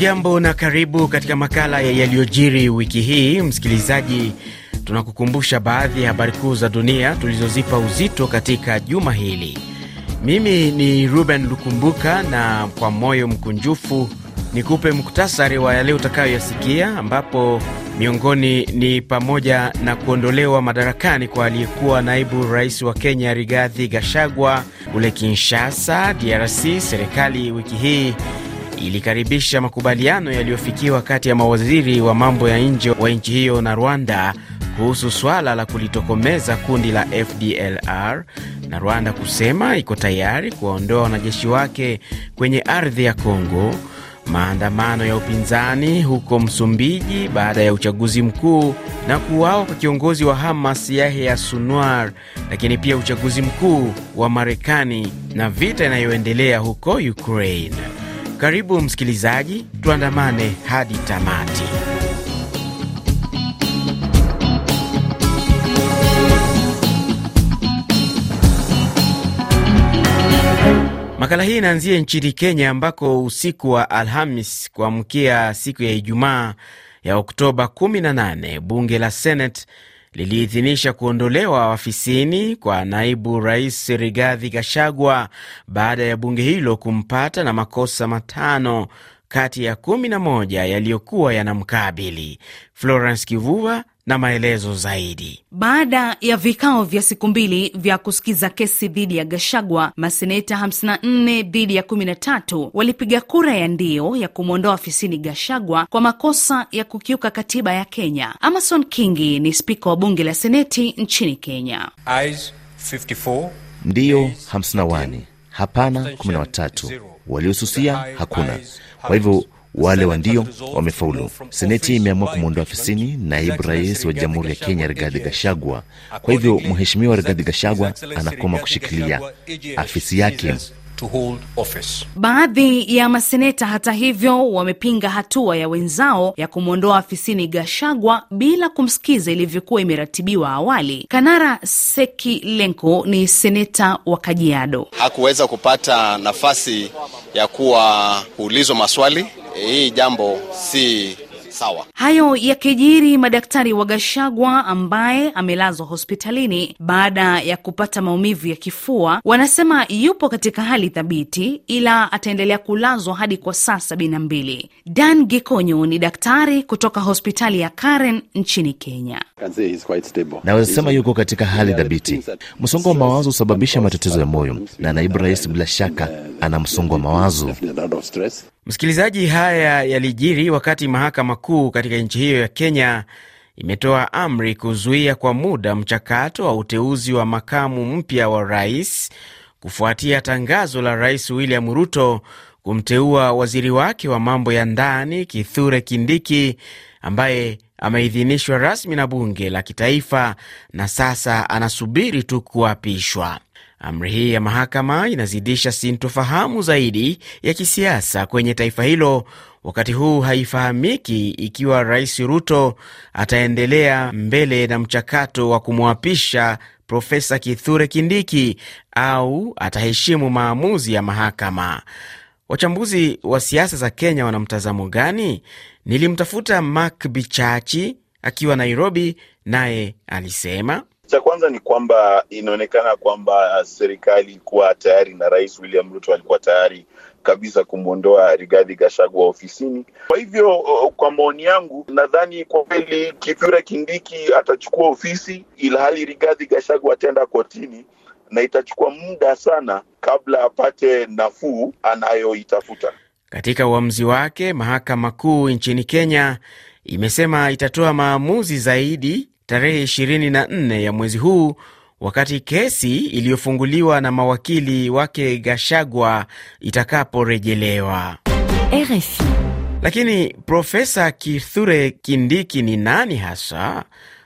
Hujambo na karibu katika makala ya yaliyojiri wiki hii. Msikilizaji, tunakukumbusha baadhi ya habari kuu za dunia tulizozipa uzito katika juma hili. Mimi ni Ruben Lukumbuka, na kwa moyo mkunjufu nikupe muktasari wa yale utakayoyasikia, ambapo miongoni ni pamoja na kuondolewa madarakani kwa aliyekuwa naibu rais wa Kenya Rigathi gashagwa kule Kinshasa, DRC, serikali wiki hii ilikaribisha makubaliano yaliyofikiwa kati ya mawaziri wa mambo ya nje wa nchi hiyo na Rwanda kuhusu swala la kulitokomeza kundi la FDLR na Rwanda kusema iko tayari kuwaondoa wanajeshi wake kwenye ardhi ya Kongo. Maandamano ya upinzani huko Msumbiji baada ya uchaguzi mkuu na kuuawa kwa kiongozi wa Hamas Yahya Sinwar, lakini pia uchaguzi mkuu wa Marekani na vita inayoendelea huko Ukraine. Karibu msikilizaji, tuandamane hadi tamati. Makala hii inaanzia nchini Kenya, ambako usiku wa Alhamis kuamkia siku ya Ijumaa ya Oktoba 18 bunge la Senate liliidhinisha kuondolewa afisini kwa naibu rais Rigathi Gachagua baada ya bunge hilo kumpata na makosa matano kati ya 11 yaliyokuwa yanamkabili. Florence Kivuva na maelezo zaidi. Baada ya vikao vya siku mbili vya kusikiza kesi dhidi ya Gashagwa, maseneta 54 dhidi ya 13 walipiga kura ya ndio ya kumwondoa ofisini Gashagwa kwa makosa ya kukiuka katiba ya Kenya. Amason Kingi ni spika wa bunge la seneti nchini Kenya. Eyes 54, ndiyo 51, hapana 13, waliosusia hakuna. Kwa hivyo wale wa ndio wamefaulu. Seneti imeamua kumwondoa ofisini naibu rais wa jamhuri ya Kenya Rigathi Gachagua. Kwa hivyo mheshimiwa Rigathi Gachagua anakoma kushikilia afisi yake. Baadhi ya maseneta hata hivyo wamepinga hatua ya wenzao ya kumwondoa afisini Gashagwa bila kumsikiza ilivyokuwa imeratibiwa awali. Kanara Sekilenko ni seneta wa Kajiado. Hakuweza kupata nafasi ya kuwa kuulizwa maswali hii jambo si sawa. Hayo yakijiri, madaktari wa Gashagwa ambaye amelazwa hospitalini baada ya kupata maumivu ya kifua wanasema yupo katika hali thabiti, ila ataendelea kulazwa hadi kwa saa sabini na mbili. Dan Gikonyo ni daktari kutoka hospitali ya Karen nchini Kenya. Nawezasema yuko katika hali thabiti. Msongo wa mawazo husababisha matatizo ya moyo, na naibu rais bila shaka ana msongo wa mawazo. Msikilizaji, haya yalijiri wakati mahakama kuu katika nchi hiyo ya Kenya imetoa amri kuzuia kwa muda mchakato wa uteuzi wa makamu mpya wa rais kufuatia tangazo la Rais William Ruto kumteua waziri wake wa mambo ya ndani Kithure Kindiki ambaye ameidhinishwa rasmi na bunge la kitaifa na sasa anasubiri tu kuapishwa. Amri hii ya mahakama inazidisha sintofahamu zaidi ya kisiasa kwenye taifa hilo, wakati huu haifahamiki ikiwa Rais Ruto ataendelea mbele na mchakato wa kumwapisha Profesa Kithure Kindiki au ataheshimu maamuzi ya mahakama. Wachambuzi wa siasa za Kenya wana mtazamo gani? Nilimtafuta Mark Bichachi akiwa Nairobi, naye alisema cha kwanza ni kwamba inaonekana kwamba serikali ilikuwa tayari na Rais William Ruto alikuwa tayari kabisa kumwondoa rigadhi Gachagua ofisini. Kwa hivyo, kwa maoni yangu, nadhani kwa kweli kipyura Kindiki atachukua ofisi, ilhali rigadhi Gachagua ataenda kotini na itachukua muda sana kabla apate nafuu anayoitafuta. Katika uamzi wake, mahakama kuu nchini Kenya imesema itatoa maamuzi zaidi tarehe 24 ya mwezi huu, wakati kesi iliyofunguliwa na mawakili wake Gashagwa itakaporejelewa. RFI. Lakini Profesa Kithure Kindiki ni nani hasa?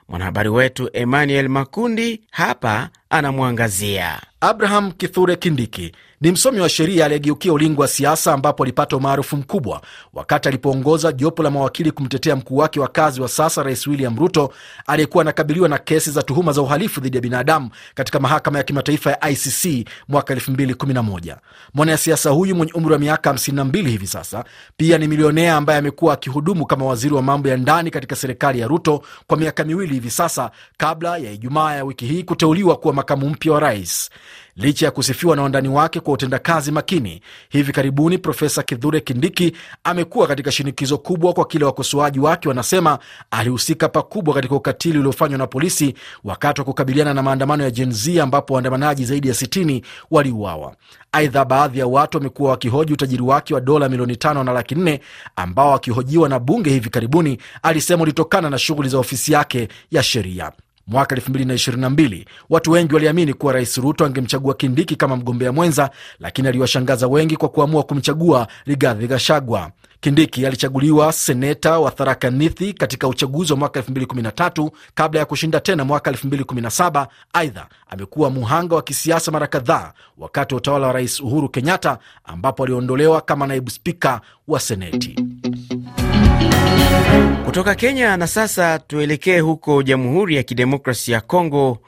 Mwanahabari wetu Emmanuel Makundi hapa anamwangazia. Abraham Kithure Kindiki ni msomi wa sheria aliyegeukia ulingo wa siasa, ambapo alipata umaarufu mkubwa wakati alipoongoza jopo la mawakili kumtetea mkuu wake wa kazi wa sasa, Rais William Ruto, aliyekuwa anakabiliwa na kesi za tuhuma za uhalifu dhidi ya binadamu katika mahakama ya kimataifa ya ICC mwaka 2011. Mwanasiasa huyu mwenye umri wa miaka 52 hivi sasa pia ni milionea ambaye amekuwa akihudumu kama waziri wa mambo ya ndani katika serikali ya Ruto kwa miaka miwili hivi sasa, kabla ya Ijumaa ya wiki hii kuteuliwa kuwa makamu mpya wa rais. Licha ya kusifiwa na wandani wake kwa utendakazi makini, hivi karibuni Profesa Kithure Kindiki amekuwa katika shinikizo kubwa kwa kile wakosoaji wake wanasema alihusika pakubwa katika ukatili uliofanywa na polisi wakati wa kukabiliana na maandamano ya Gen Z ambapo waandamanaji zaidi ya 60 waliuawa. Aidha, baadhi ya watu wamekuwa wakihoji utajiri wake wa dola milioni tano na laki nne ambao akihojiwa na bunge hivi karibuni alisema ulitokana na shughuli za ofisi yake ya sheria. Mwaka 2022 watu wengi waliamini kuwa Rais Ruto angemchagua Kindiki kama mgombea mwenza, lakini aliwashangaza wengi kwa kuamua kumchagua Rigathi Gachagua. Kindiki alichaguliwa seneta wa Tharaka Nithi katika uchaguzi wa mwaka 2013 kabla ya kushinda tena mwaka 2017. Aidha, amekuwa muhanga wa kisiasa mara kadhaa wakati wa utawala wa Rais Uhuru Kenyatta, ambapo aliondolewa kama naibu spika wa Seneti. Kutoka Kenya na sasa tuelekee huko Jamhuri ya Kidemokrasia ya Kongo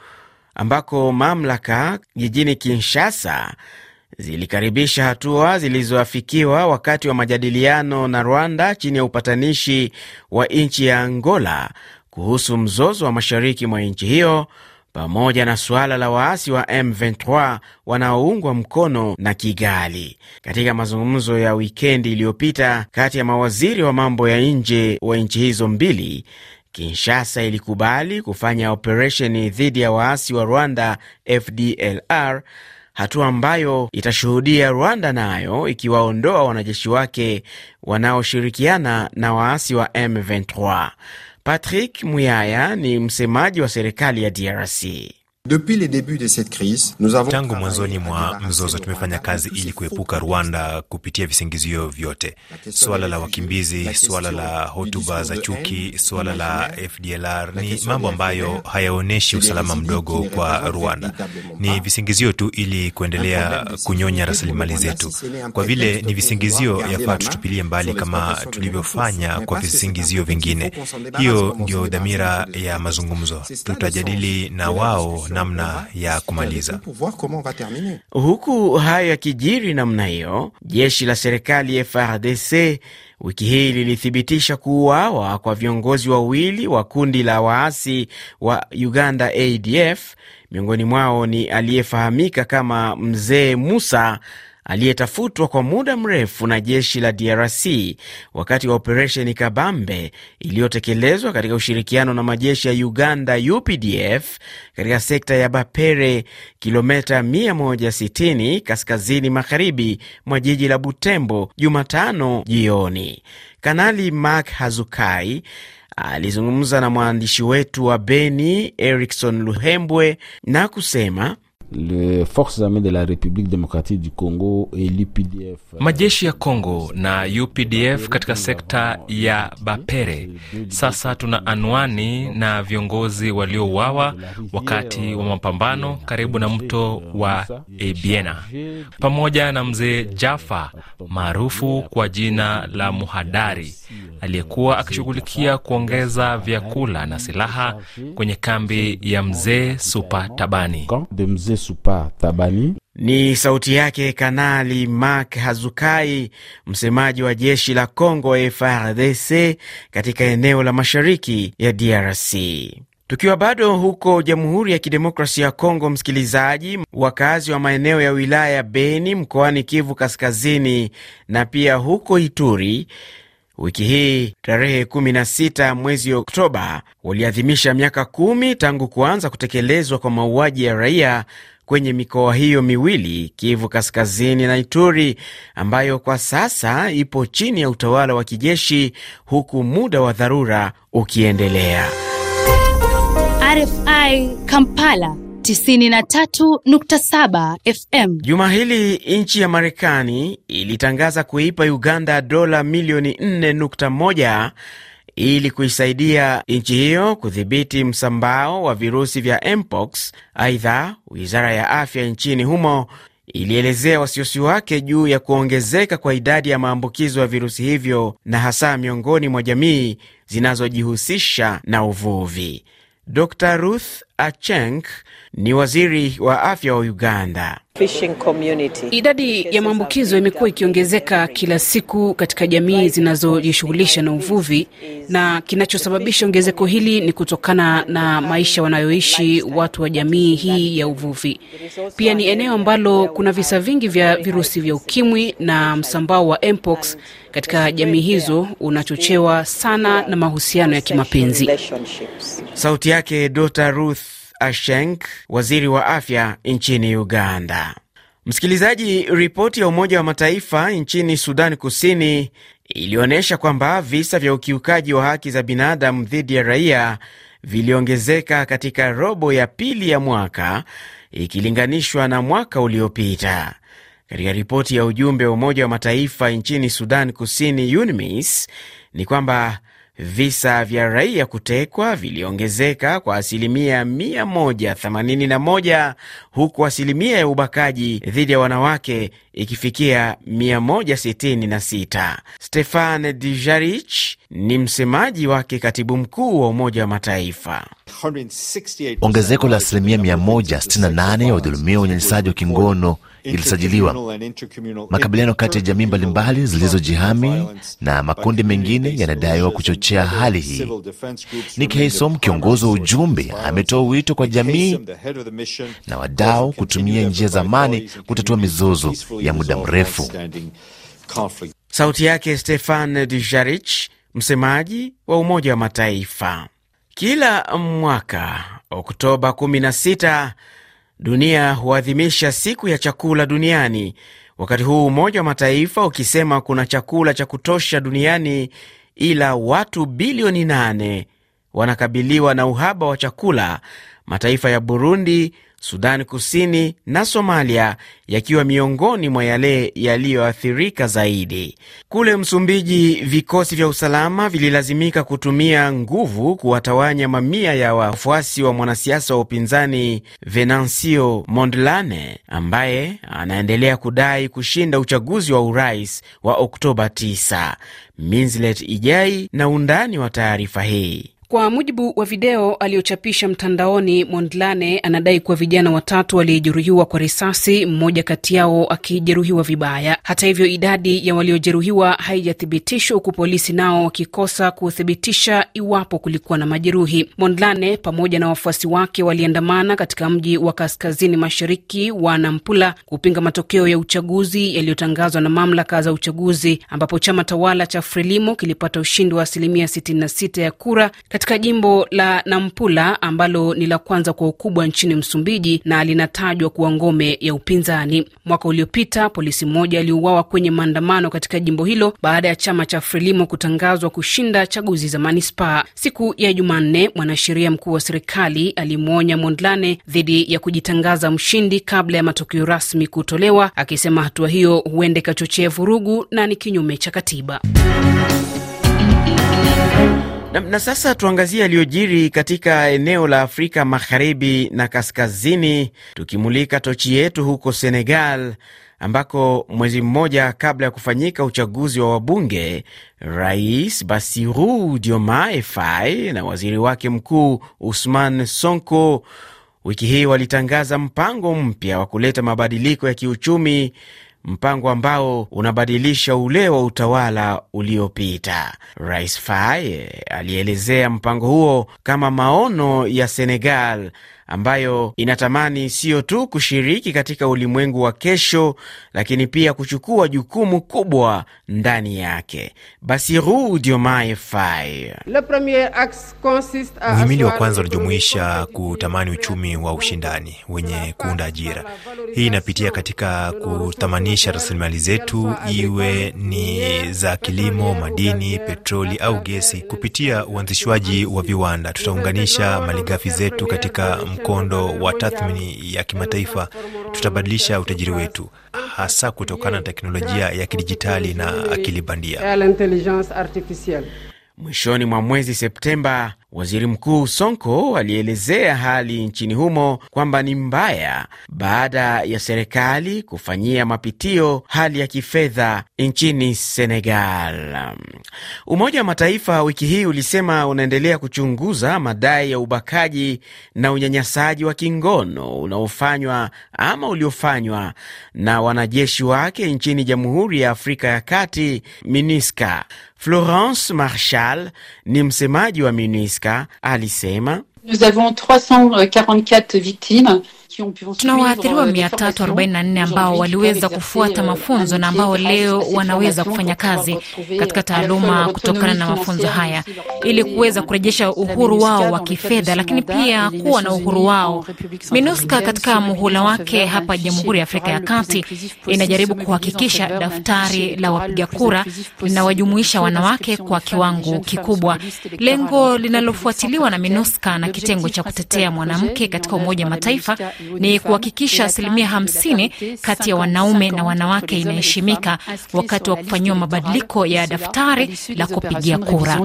ambako mamlaka jijini Kinshasa zilikaribisha hatua zilizoafikiwa wakati wa majadiliano na Rwanda chini ya upatanishi wa nchi ya Angola kuhusu mzozo wa mashariki mwa nchi hiyo pamoja na suala la waasi wa M23 wanaoungwa mkono na Kigali. Katika mazungumzo ya wikendi iliyopita kati ya mawaziri wa mambo ya nje wa nchi hizo mbili, Kinshasa ilikubali kufanya operesheni dhidi ya waasi wa Rwanda FDLR, hatua ambayo itashuhudia Rwanda nayo ikiwaondoa wanajeshi wake wanaoshirikiana na waasi wa M23. Patrick Muyaya ni msemaji wa serikali ya DRC. Tangu mwanzoni mwa mzozo tumefanya kazi ili kuepuka Rwanda kupitia visingizio vyote: suala la wakimbizi, suala la hotuba za chuki, suala la FDLR. Ni mambo ambayo hayaonyeshi usalama mdogo kwa Rwanda, ni visingizio tu ili kuendelea kunyonya rasilimali zetu. Kwa vile ni visingizio, yafaa tutupilie mbali kama tulivyofanya kwa visingizio vingine. Hiyo ndio dhamira ya mazungumzo. Tutajadili na wao namna ya kumaliza. Huku haya yakijiri namna hiyo, jeshi la serikali FRDC wiki hii lilithibitisha kuuawa kwa viongozi wawili wa kundi la waasi wa Uganda ADF. Miongoni mwao ni aliyefahamika kama Mzee Musa aliyetafutwa kwa muda mrefu na jeshi la DRC wakati wa operesheni kabambe iliyotekelezwa katika ushirikiano na majeshi ya Uganda UPDF katika sekta ya Bapere, kilomita 160 kaskazini magharibi mwa jiji la Butembo Jumatano jioni. Kanali Mark Hazukai alizungumza na mwandishi wetu wa Beni Erikson Luhembwe na kusema Le Forces armées de la République Démocratique du Congo et l'UPDF. Majeshi ya Kongo na UPDF katika sekta ya Bapere. Sasa tuna anwani na viongozi waliouawa wakati wa mapambano karibu na mto wa Ebiena, pamoja na mzee jafa maarufu kwa jina la Muhadari aliyekuwa akishughulikia kuongeza vyakula na silaha kwenye kambi ya mzee Supa Tabani. Supa Ni sauti yake Kanali Mak Hazukai, msemaji wa jeshi la Congo frdc katika eneo la mashariki ya DRC. Tukiwa bado huko Jamhuri ya Kidemokrasia ya Kongo, msikilizaji, wakazi wa maeneo ya wilaya ya Beni mkoani Kivu Kaskazini na pia huko Ituri Wiki hii tarehe 16 mwezi Oktoba waliadhimisha miaka kumi tangu kuanza kutekelezwa kwa mauaji ya raia kwenye mikoa hiyo miwili, Kivu Kaskazini na Ituri, ambayo kwa sasa ipo chini ya utawala wa kijeshi, huku muda wa dharura ukiendelea. RFI Kampala 93.7 FM. Juma hili nchi ya Marekani ilitangaza kuipa Uganda dola milioni 4.1 ili kuisaidia nchi hiyo kudhibiti msambao wa virusi vya mpox. Aidha, wizara ya afya nchini humo ilielezea wasiwasi wake juu ya kuongezeka kwa idadi ya maambukizo ya virusi hivyo na hasa miongoni mwa jamii zinazojihusisha na uvuvi. Dr Ruth Aceng ni waziri wa afya wa Uganda. Idadi ya maambukizo imekuwa ikiongezeka kila siku katika jamii zinazojishughulisha na uvuvi, na kinachosababisha ongezeko hili ni kutokana na maisha wanayoishi watu wa jamii hii ya uvuvi. Pia ni eneo ambalo kuna visa vingi vya virusi vya ukimwi na msambao wa mpox katika jamii hizo unachochewa sana na mahusiano ya kimapenzi. Sauti yake Dr. Ruth Asheng, waziri wa afya nchini Uganda. Msikilizaji, ripoti ya Umoja wa Mataifa nchini Sudan Kusini ilionyesha kwamba visa vya ukiukaji wa haki za binadamu dhidi ya raia viliongezeka katika robo ya pili ya mwaka ikilinganishwa na mwaka uliopita. Katika ripoti ya ujumbe wa Umoja wa Mataifa nchini Sudan Kusini, UNMISS, ni kwamba Visa vya raia kutekwa viliongezeka kwa asilimia 181 huku asilimia ya ubakaji dhidi ya wanawake ikifikia 166. Stefan Dijarich ni msemaji wake katibu mkuu wa Umoja wa Mataifa. Ongezeko la asilimia 168 ya udhulumia wa unyanyasaji wa kingono ilisajiliwa. Makabiliano kati ya jamii mbalimbali zilizojihami na makundi mengine yanadaiwa kuchochea hali hii. Nikki Haysom, kiongozi wa ujumbe, ametoa wito kwa jamii na wadau kutumia njia za amani kutatua mizozo ya muda mrefu. Sauti yake Stefan Dujarric, msemaji wa Umoja wa Mataifa. Kila mwaka Oktoba 16 Dunia huadhimisha siku ya chakula duniani, wakati huu Umoja wa Mataifa ukisema kuna chakula cha kutosha duniani, ila watu bilioni 8 wanakabiliwa na uhaba wa chakula mataifa ya Burundi, Sudani Kusini na Somalia yakiwa miongoni mwa yale yaliyoathirika zaidi. Kule Msumbiji, vikosi vya usalama vililazimika kutumia nguvu kuwatawanya mamia ya wafuasi wa mwanasiasa wa upinzani Venancio Mondlane ambaye anaendelea kudai kushinda uchaguzi wa urais wa Oktoba 9. minslet Ijai na undani wa taarifa hii. Kwa mujibu wa video aliyochapisha mtandaoni, Mondlane anadai kuwa vijana watatu waliyejeruhiwa kwa risasi, mmoja kati yao akijeruhiwa vibaya. Hata hivyo, idadi ya waliojeruhiwa haijathibitishwa, huku polisi nao wakikosa kuthibitisha iwapo kulikuwa na majeruhi. Mondlane pamoja na wafuasi wake waliandamana katika mji wa kaskazini mashariki wa Nampula kupinga matokeo ya uchaguzi yaliyotangazwa na mamlaka za uchaguzi, ambapo chama tawala cha Frelimo kilipata ushindi wa asilimia 66 ya kura katika jimbo la Nampula ambalo ni la kwanza kwa ukubwa nchini Msumbiji na linatajwa kuwa ngome ya upinzani, mwaka uliopita polisi mmoja aliuawa kwenye maandamano katika jimbo hilo baada ya chama cha Frelimo kutangazwa kushinda chaguzi za manispaa. Siku ya Jumanne, mwanasheria mkuu wa serikali alimwonya Mondlane dhidi ya kujitangaza mshindi kabla ya matokeo rasmi kutolewa, akisema hatua hiyo huenda ikachochea vurugu na ni kinyume cha katiba. Na, na sasa tuangazie yaliyojiri katika eneo la Afrika magharibi na kaskazini, tukimulika tochi yetu huko Senegal ambako mwezi mmoja kabla ya kufanyika uchaguzi wa wabunge, Rais Bassirou Diomaye Faye na waziri wake mkuu Ousmane Sonko wiki hii walitangaza mpango mpya wa kuleta mabadiliko ya kiuchumi mpango ambao unabadilisha ule wa utawala uliopita. Rais Faye alielezea mpango huo kama maono ya Senegal ambayo inatamani sio tu kushiriki katika ulimwengu wa kesho, lakini pia kuchukua jukumu kubwa ndani yake. basi Diomaye Faye: muhimili wa kwanza unajumuisha kutamani uchumi wa ushindani wenye kuunda ajira. Hii inapitia katika kuthamanisha rasilimali zetu, iwe ni za kilimo, madini, petroli au gesi. Kupitia uanzishwaji wa viwanda, tutaunganisha malighafi zetu katika mkondo wa tathmini ya kimataifa, tutabadilisha utajiri wetu, hasa kutokana na teknolojia ya kidijitali na akili bandia. Mwishoni mwa mwezi Septemba, Waziri Mkuu Sonko alielezea hali nchini humo kwamba ni mbaya baada ya serikali kufanyia mapitio hali ya kifedha nchini Senegal. Umoja wa Mataifa wiki hii ulisema unaendelea kuchunguza madai ya ubakaji na unyanyasaji wa kingono unaofanywa ama uliofanywa na wanajeshi wake nchini Jamhuri ya Afrika ya Kati, MINISCA. Florence Marshal ni msemaji wa MINISCA. nous avons 344 victimes Tuna waathiriwa 344 euh, ambao waliweza kufuata euh, mafunzo na ambao euh, leo wanaweza kufanya kazi katika taaluma kutokana na mafunzo haya, ili kuweza kurejesha uhuru wao wa kifedha, lakini pia kuwa na uhuru wao. MINUSCA katika muhula wake hapa Jamhuri ya Afrika ya Kati inajaribu kuhakikisha daftari la wapiga kura linawajumuisha wanawake kwa kiwango kikubwa, lengo linalofuatiliwa na MINUSCA na kitengo cha kutetea mwanamke katika Umoja wa Mataifa ni kuhakikisha asilimia hamsini kati ya wanaume na wanawake inaheshimika wakati wa kufanyiwa mabadiliko ya daftari la kupigia kura.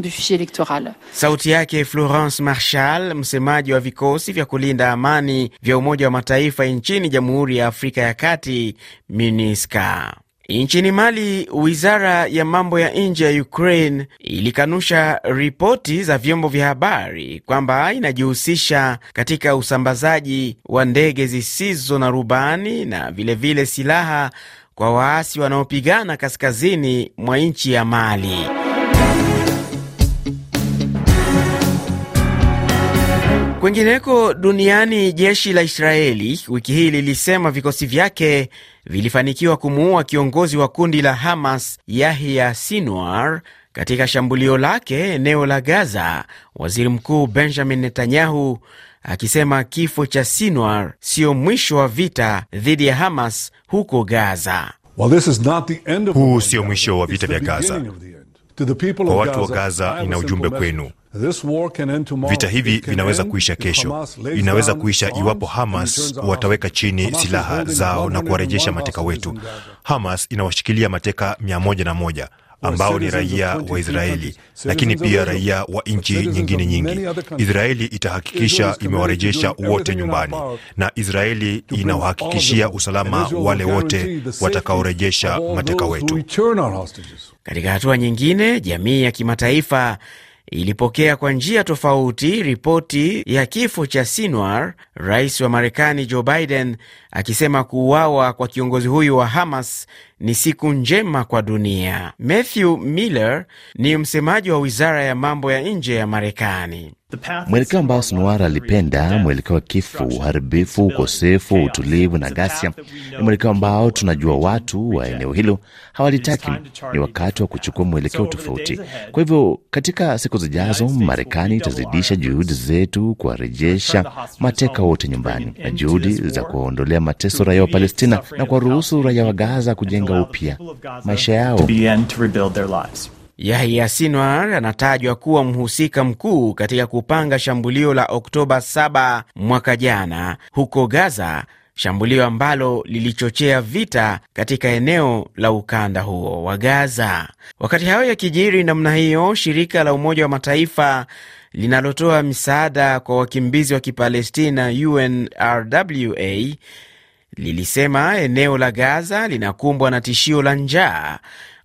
Sauti yake Florence Marshal, msemaji wa vikosi vya kulinda amani vya Umoja wa Mataifa nchini Jamhuri ya Afrika ya Kati, minisca Nchini Mali, wizara ya mambo ya nje ya Ukraine ilikanusha ripoti za vyombo vya habari kwamba inajihusisha katika usambazaji wa ndege zisizo na rubani na vilevile vile silaha kwa waasi wanaopigana kaskazini mwa nchi ya Mali. kwengineko duniani, jeshi la Israeli wiki hii lilisema vikosi vyake vilifanikiwa kumuua kiongozi wa kundi la Hamas Yahya Sinwar katika shambulio lake eneo la Gaza, waziri mkuu Benjamin Netanyahu akisema kifo cha Sinwar sio mwisho wa vita dhidi ya Hamas huko Gaza. Huu sio mwisho wa vita vya Gaza. Kwa watu wa Gaza, nina ujumbe kwenu. Vita hivi vinaweza kuisha kesho, inaweza kuisha iwapo Hamas wataweka chini silaha zao na kuwarejesha mateka wetu. Hamas inawashikilia mateka mia moja na moja ambao ni raia wa Israeli lakini pia raia wa nchi nyingine nyingi. Israeli itahakikisha imewarejesha wote nyumbani, na Israeli inawahakikishia usalama wale wote watakaorejesha mateka wetu. Katika hatua nyingine, jamii ya kimataifa ilipokea kwa njia tofauti ripoti ya kifo cha Sinwar, rais wa Marekani Joe Biden akisema kuuawa kwa kiongozi huyu wa Hamas ni siku njema kwa dunia. Matthew Miller ni msemaji wa wizara ya mambo ya nje ya Marekani. Mwelekeo ambao Sunuara alipenda, mwelekeo wa kifo, uharibifu, ukosefu, utulivu na ghasia, ni mwelekeo ambao tunajua watu wa eneo hilo hawalitaki. Ni wakati wa kuchukua mwelekeo tofauti. Kwa hivyo, katika siku zijazo, Marekani itazidisha juhudi zetu kuwarejesha mateka wote nyumbani na juhudi za kuwaondolea mateso raia wa Palestina na kuwaruhusu raia wa Gaza kujenga kujenga upya maisha yao. Yahya Sinwar anatajwa kuwa mhusika mkuu katika kupanga shambulio la Oktoba 7 mwaka jana huko Gaza, shambulio ambalo lilichochea vita katika eneo la ukanda huo wa Gaza. Wakati hayo yakijiri namna hiyo, shirika la Umoja wa Mataifa linalotoa misaada kwa wakimbizi wa Kipalestina, UNRWA, lilisema eneo la Gaza linakumbwa na tishio la njaa,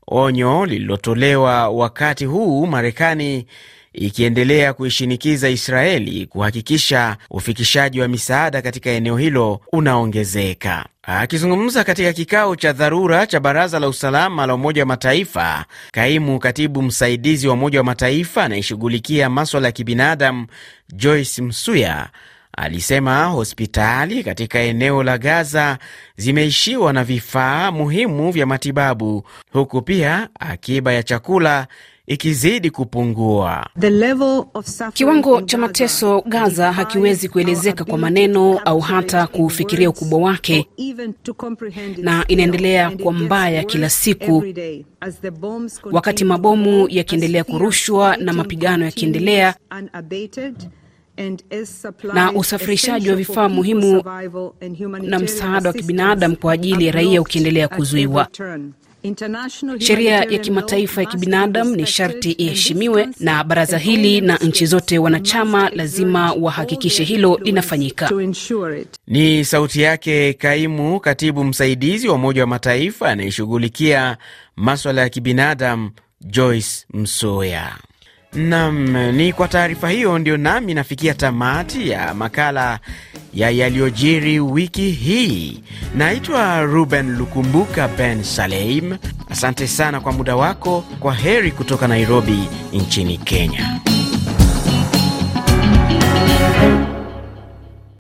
onyo lililotolewa wakati huu Marekani ikiendelea kuishinikiza Israeli kuhakikisha ufikishaji wa misaada katika eneo hilo unaongezeka. Akizungumza katika kikao cha dharura cha Baraza la Usalama la Umoja wa Mataifa, kaimu katibu msaidizi wa Umoja wa Mataifa anayeshughulikia maswala ya kibinadamu Joyce Msuya alisema hospitali katika eneo la Gaza zimeishiwa na vifaa muhimu vya matibabu, huku pia akiba ya chakula ikizidi kupungua. Kiwango cha mateso Gaza hakiwezi kuelezeka kwa maneno au hata kufikiria ukubwa wake, na inaendelea kuwa mbaya kila siku. Wakati mabomu yakiendelea kurushwa na mapigano yakiendelea na usafirishaji wa vifaa muhimu na msaada wa kibinadamu kwa ajili ya raia ukiendelea kuzuiwa. Sheria ya kimataifa ya kibinadamu ni sharti iheshimiwe, na baraza hili na nchi zote wanachama lazima wahakikishe hilo linafanyika. Ni sauti yake kaimu katibu msaidizi wa Umoja wa Mataifa anayeshughulikia maswala ya kibinadamu Joyce msoya Nam, ni kwa taarifa hiyo ndio nami nafikia tamati ya makala ya yaliyojiri wiki hii. Naitwa Ruben Lukumbuka Ben Saleim. Asante sana kwa muda wako. Kwa heri kutoka Nairobi nchini Kenya.